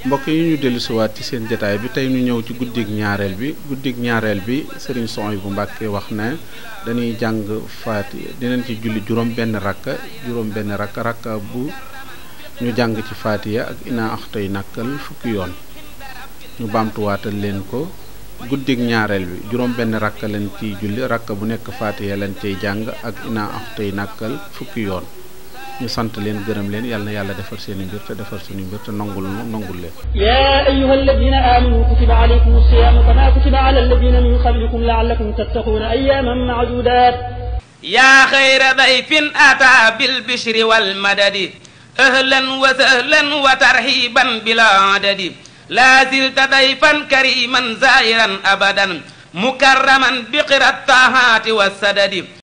mbokk yi ñu dellusiwaat ci seen jataay bi tey ñu ñëw ci guddig ñaareel bi guddig ñaareel bi sëriñ son bu Mbàkke wax na dañuy jàng faati dinañ ci julli juróom benn rakka juróom benn bu ñu jàng ci faatiya ak ina axtay nakkal fukki yoon ñu baamtuwaatal leen ko guddig ñaareel bi juróom benn rakka lañ ciy julli rakka bu nekk faatiya lañ cay jàng ak ina axtay nakkal fukki yoon ñu sant leen gërëm leen yàlla na yàlla defar seen i mbir te defar suñu mbir te nangul nu nangul leen ya ayuha alladina amanu kutiba alaykum alsiyamu kama kutiba ala alladina min qablikum laallakum tattaquuna ayaman maadudat ya xayra dayfin ata bilbishri walmadadi ahlan wa sahlan wa tarhiban bila adadi laa zilta dayfan kariman zairan abadan mukarraman biqirat tahaati wasadadi